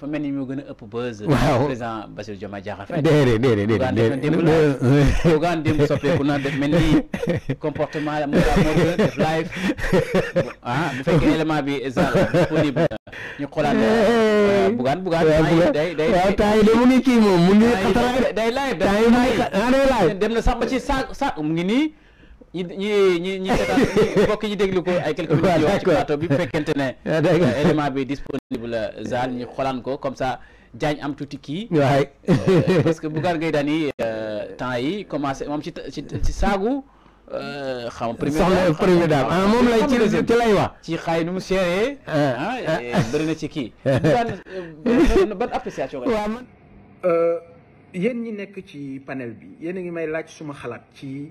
dafa mel ni mu gën a ëpp buzz. waaw président Bassirou a Diakhar Faye. déedéet déedéet déedéet Bougane démb soppeeku na def mel ni comportement la moo gën a def live ah bu fekkee élément bi disponible mu ngi kii mu ngi. day live dem na sax ba ci saak saak ngi nii. ñi ñi ñi ñi seetaan mbokk ñi déglu ko ay quelques minutes yoo ci plateau bi bu fekkente ne ah, euh, élément bi disponible euh, zal ñu xolaan ko comme ça Diagne am tuuti kii waay euh, parce que Bougane Gueye Dany temps yi commencé moom ci ci saagu xam soxla premier daal ah moom lay ci ci lay wax ci xaay nu mu seeree ah, ah, ah bëri na ci kii Bougane ban appréciation waaw man ñi nekk ci panel bi yéen a ngi may laaj suma xalaat ci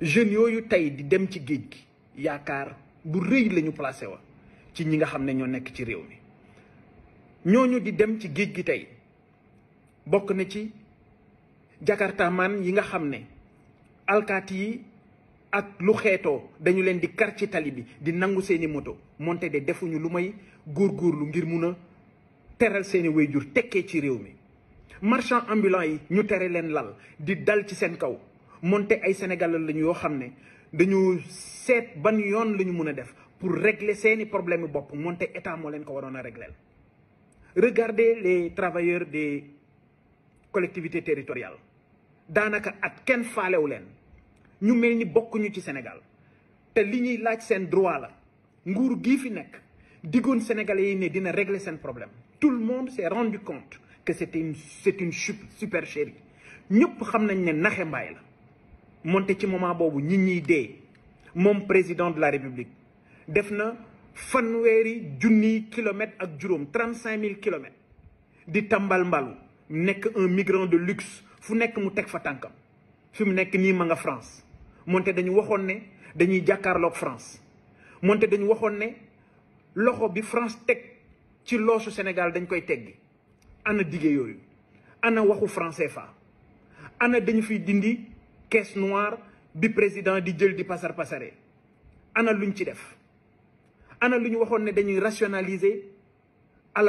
jeunes yooyu tey di dem ci géej gi yaakaar bu rëy lañu ñu placé wa ci ñi nga xam ne ñoo nekk ci réew mi ñooñu di dem ci géej gi tey bokk na ci jakartaman yi nga xam ne alkaati yi ak lu xeetoo dañu leen di kar ci tali bi di nangu seeni moto moonte de defuñu lu may góor góorgóorlu ngir mun a teral seeni wéyjur tekkee ci réew mi marchand ambulant yi ñu tere leen lal di dal ci seen kaw Monter ay sénégalais lañu yoo xam dañu set ban yoon lañu mëna def pour régler seeni problème bop Monter état mo leen ko warona régler regardez les travailleurs des collectivités territoriales danaka at kenn faalewu leen ñu melni bokku ñu ci Sénégal té li ñuy laaj seen droit la nguur gi fi nek diggoon sénégalais yi né dina régler seen problème tout le monde s'est rendu compte que c'était une c'est une supercherie ñëpp xam nañ ne naxe mbaay la monté ci moment bobu ñit ñi président de la république defna na juni kilomètre kilomètres ak durum, trente cinq mille kilomètres di tambal mbalu nek un migrant de luxe fu nek mu tek fa tankam fi mu ma nga France monté dañu waxone ne dañuy France monté dañu waxone loxo bi France tek ci Sénégal dañ koy téggi ana dige yori, ana waxu français fa ana deni fi dindi caisse noire du président di jël di passer passeré ana luñ ci def ana luñ waxone dañuy rationaliser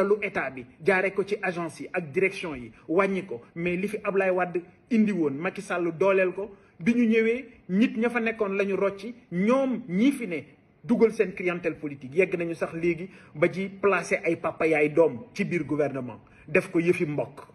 lu état bi jaare ko ci agence yi ak direction yi mais li fi Ablaye wad indi won Macky Sall ko biñu ñëwé nit ña fa nekkon lañu rocci ñom ñi fi né sen clientèle politique yegg nañu sax légui ba ci placer ay papa yaay dom ci bir gouvernement def ko yëfi mbokk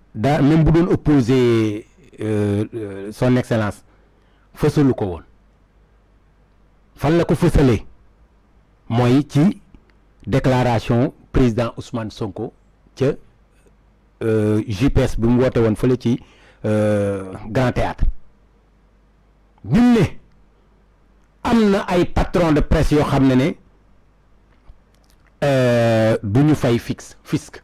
D'a même bu opposé euh, euh, son excellence fësalu ko won fan la ko ci déclaration président Ousmane Sonko que euh, JPS mu Grand Théâtre ne patron de presse fixe fisc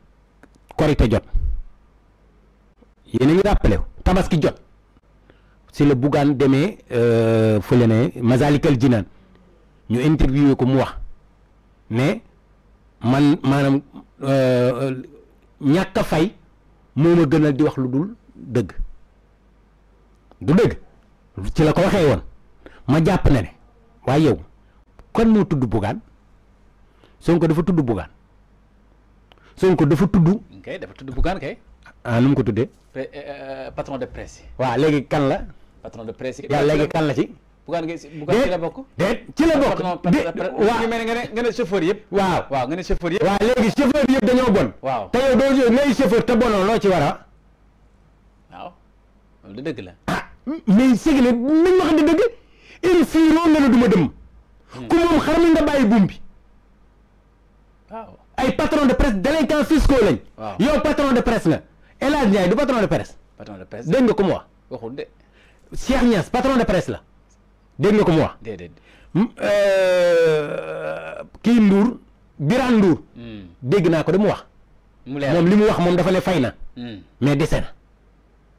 korite jot yéen a ngi tabaski jot si la Bougane demee euh, fële ne Masalikal Jinaan ñu interviewé ko mu wax ne man maanaam euh, ñàkk fay moo ma gënal di wax lu dul dëgg du dëgg ci la ko waxee woon ma jàpp ne ne waaye yow kon moo tudd Bougane Sonko dafa tudd Bougane Sonko dafa tudd kay dafa tudd Bougane kay. ah nu mu ko tuddee. Euh, euh, patron de presse yi. waaw léegi kan la. patron de presse yi. waaw léegi kan la ci. Bougane ngay Bougane ci la bokk. déet ci la bokk waaw mel nga ne nga ne chauffeur bon. waaw te doo ngay chauffeur te bonoo loo ci war a. waaw loolu dëgg la. ah mais sëgg la nañ wax di dëgg. duma dem. Hmm. ku moom xar mi nga bàyyi buum ay patron de presse délinquants fiscaux lañ. waaw yow patron de presse nga El Hadj Ndiaye du patron de presse. patron de presse dégg nga ko mu wax. waxul de. patron de presse la dégg nga ko mu wax. déedéet euh, kii Ndour Birane Ndour. Hmm. dégg naa ko de mu wax. mu leer moom li mu wax moom dafa ne fay na. Hmm. mais dese na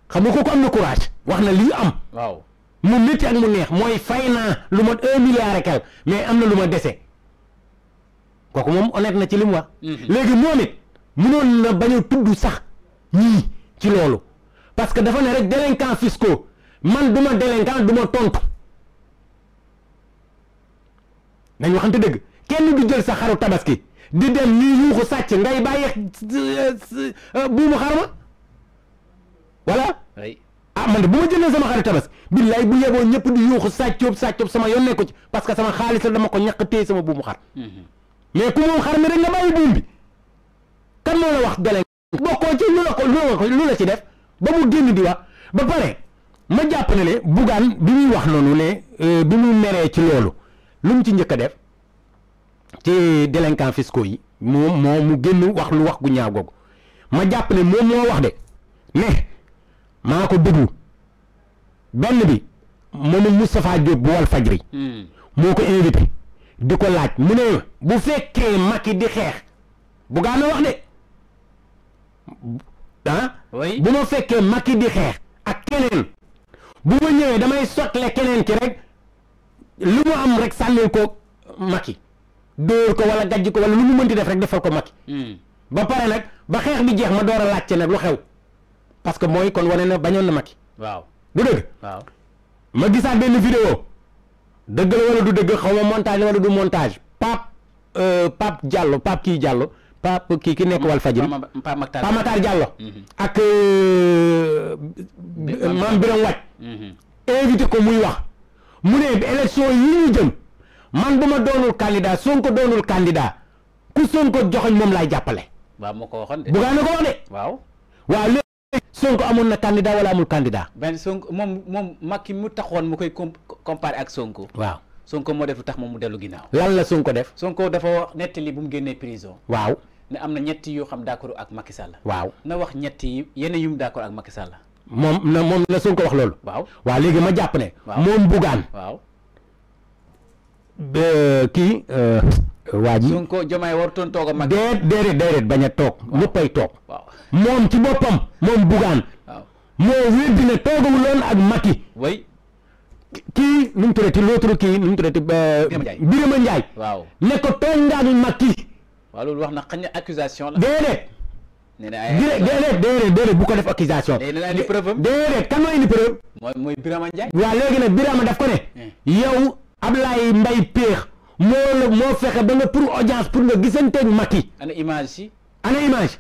xam nga kooku am na courage. wax na lii am. waaw mu métti ak mu neex mooy fay naa lu ma un milliard et quelque mais am na lu ma dese. kooku moom honnête na ci li mu wax. Mhm. léegi moom it mënoon na bañ a tudd sax ñii ci loolu parce que dafa ne rek délinquants fiscaux man du ma délinquant du ma tontu nañ te dëgg kenn du jël sa xaru tabaski di dem ñuy yuuxu sàcc ngay bàyyi euh, euh, buumu xar ma voilà. ah man de bu ma jëlee sama xaru tabaski billaay bu yeboo ñëpp du yuuxu sàccoob sàccoob sama yoon nekku ci parce que sama xaalis la dama ko ñàkk téye sama buumu xar. Mhm. mais ku moom xar mi rek nga bàyyi buum bi kan moo la wax gale bokkoo ci lu la ko lu la ci def ba mu génn di wax ba pare ma jàpp ne ne bugaan bi muy wax noonu ne euh, bi mu meree ci loolu lu mu ci njëkk a def ci délinquants fiscaux yi moom moo mu génn wax lu wax gu ñaaw googu ma jàpp ne moom moo wax de ne maa ko déglu benn bi moom Moustapha Diop bu Walfadjri hmm. moo ko invité diko ko laaj mu ne bu fekkee di wax de ah. bu ma fekkee Macky di xeex ak keneen bu ma ñëwee damay sotle keneen ki rek lu mu am rek ko Macky dóor ko wala gàjj ko wala lu mu mënti def rek defal ko ba ba ma lu xew parce que mooy kon wane na bañoon na Macky. vidéo. dëgg la wala du dëgg xaw ma montage wala du montage Pape euh, Pape Diallo Pape kii Diallo Pape kii ki nekk Walfadjri Pape Matar Diallo mhm. ak euh, maam Birame Wath mhm. invité ko mu ne élection yi ñu jëm man bu ma doonul candidat Sonko doonul candidat ku Sonko joxoñ moom laay jàppale waaw moo ko waxoon wax de waaw waaw léegi Sonko amoon na candidat wala amul candidat moom moom Macky mu taxoon mu koy comparé ak Sonko. waaw Sonko moo def lu tax moom mu dellu ginnaaw. lan la Sonko def. Sonko dafa wax nettali bu mu génnee prison. waaw ne am na ñetti yoo xam d'accord ak Macky Sall. waaw wax ñetti yi mu d'accord ak Macky moom na moom la Sonko wax loolu. waaw waaw léegi ma jàpp ne. moom Bougane. waaw. kii. Euh, waa ji Sonko Diomaye warutoon toog a mag. déet déedéet déedéet bañ toog toog. ñëppay toog. moom ci boppam moom Bougane. waaw moo wéddi ne toogawuloon ak Macky. kii nu mu l'autre kii nu mu Birima Ndiaye waaw ne ko tooñ daanu Macky. waaw loolu waxna na accusation la. déedéet. nee na ay déedéet déedéet déedéet bu ko def accusation. nee na indi preuve am déedéet kan mooy indi preuve. moy moy Birama Ndiaye. wa léegi nag Birama daf ko ne. Eh. yow Ablaye Mbaye Péex mo mo fexé fexe ba nga pour audience pour nga gisanteeg Macky. ana image si. ana image.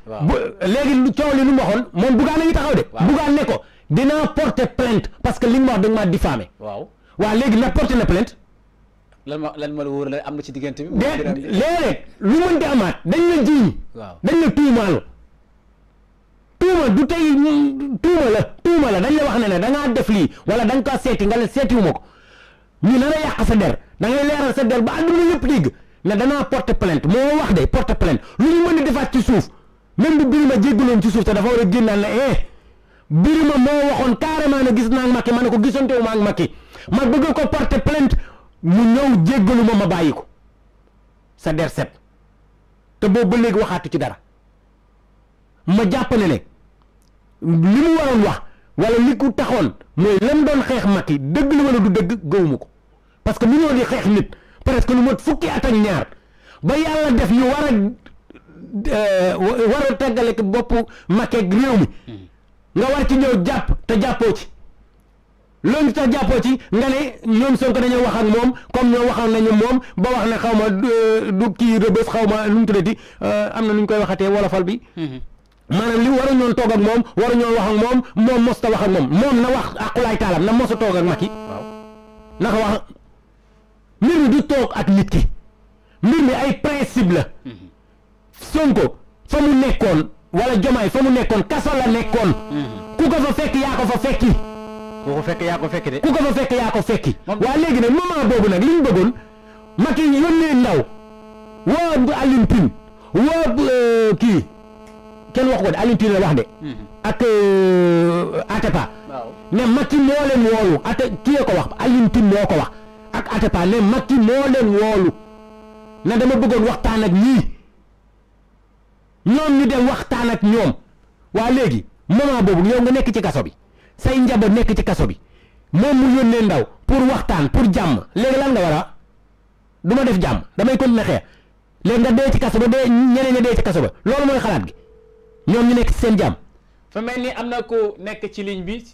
léegi lu coow li lu mu waxoon moom bugaan nañu taxaw de. bugaan ne ko. dinaa porter plainte parce que li ma wax da nga maa diffamé. waaw waaw léegi na porter na plainte. lan ma lan ma la la am na ci diggante bi. léeg-léeg lu mën di dañ la waaw dañ la tuumaal. tuuma du tey tuuma la tuuma la dañ la wax ne ne da ngaa def lii wala da kaa seeti nga ne seetiwuma ko ñu na la yàq da ngay leeral sa der yëpp dégg ne danaa porter plainte moo wax de porter lu ñu mën di defaat ci suuf même bu birima jéggaloon ci suuf te dafa war a génnaan la eh. birima moo waxoon carrément ne gis naa ak Macky ma ne ko gisante wu ma ak Macky ma bëgg ko porter plainte mu ñëw jéggalu ma ma bàyyi ko sa der set te boobu ba léegi waxaatu ci dara ma jàpp ne ne li mu waroon wax wala li ku taxoon mooy lam doon xeex Macky dëgg la wala du dëgg gëwuma ko parce que mënoo di xeex nit presque lu mot fukki at ak ñaar ba yàlla def ñu war a euh, war a teggale bopp Macky ak réew mi mm. nga war ci ñëw jàpp te jàppoo ci loolu tax jàppoo ci nga ne ñoom Sonko dañoo wax ak moom comme ñoo waxoon nañu moom ba wax ne xaw ma euh, du kii rëbës xaw ma nu mu tuddati euh, am na nu ñu koy waxatee wolofal bi. Mm-hmm. maanaam li waru ñoon toog ak moom waru ñoon wax ak moom moom mos ta wax ak moom moom na wax akulaay taalam na mos a toog ak Macky. waaw naka wax mbir mi du toog ak nit ki mbir mi ay principe la. Mm-hmm. Sonko fa mu nekkoon. wala jomaay fa mu nekkoon kaso la nekkoon. Mm-hmm. ku ko fa fekk yaa ko fa fekki. ku ko fekk yaa ko fekki de. ku ko fa fekk yaa ko fekki. waa léegi nag moment boobu nag li ñu bëggoon Macky yónnee ndaw woo Alioune Tine woo euh, kii kenn wax ko de Alioune la wax de. Mm-hmm. ak euh, Atepa. ne Macky moo leen woolu kii ko wax Alioune moo ko wax ak Atepa ne Macky moo leen woolu na dama bëggoon waxtaan ak ñii. ñoom ñu dem waxtaan ak ñoom waa léegi moment boobu yow nga nekk ci kaso bi say njaboot nekk ci kaso bi moom mu yónnee ndaw pour waxtaan pour jàmm léegi lan nga war a du def jàmm damay continuer xeex léegi nga dee ci kaso ba dee ñeneen ña dee ci kaso ba loolu mooy xalaat gi ñoom ñu nekk ci seen jàmm. fa mel ni am na ko nekk ci ligne bi.